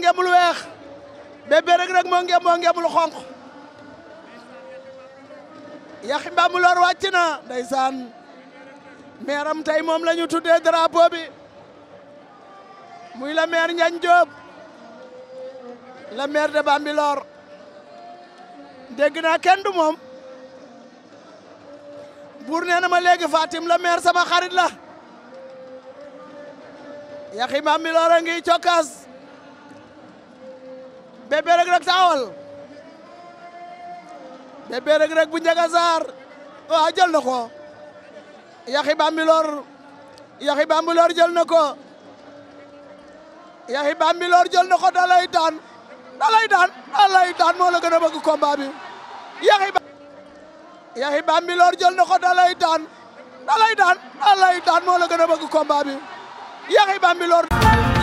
ngem lu weex bébé rek rek moo ngem moo ngem lu xonq yaxi mbaamu lor wàcc na ndeysaan meeram tey moom la ñu tuddee drapeau bi muy la maire Ndiagne Diop la maire de Bambilor dégg naa kenn du moom buur nee na ma léegi Fatim la maire sama xarit la yaxi Bambilor a ngi cokkaas bébé rek rek saawal bébé rek rek bu njaga saar waaw oh, jël na ko yaxi bambilor yaxi bambilor jël na ko yaxi bambilor jël na ko da lay daan da lay daan da la gën a bëgg combat bi yaxi yaxi bambilor jël na ko da lay daan da la gën a bëgg combat bi yaxi bambilor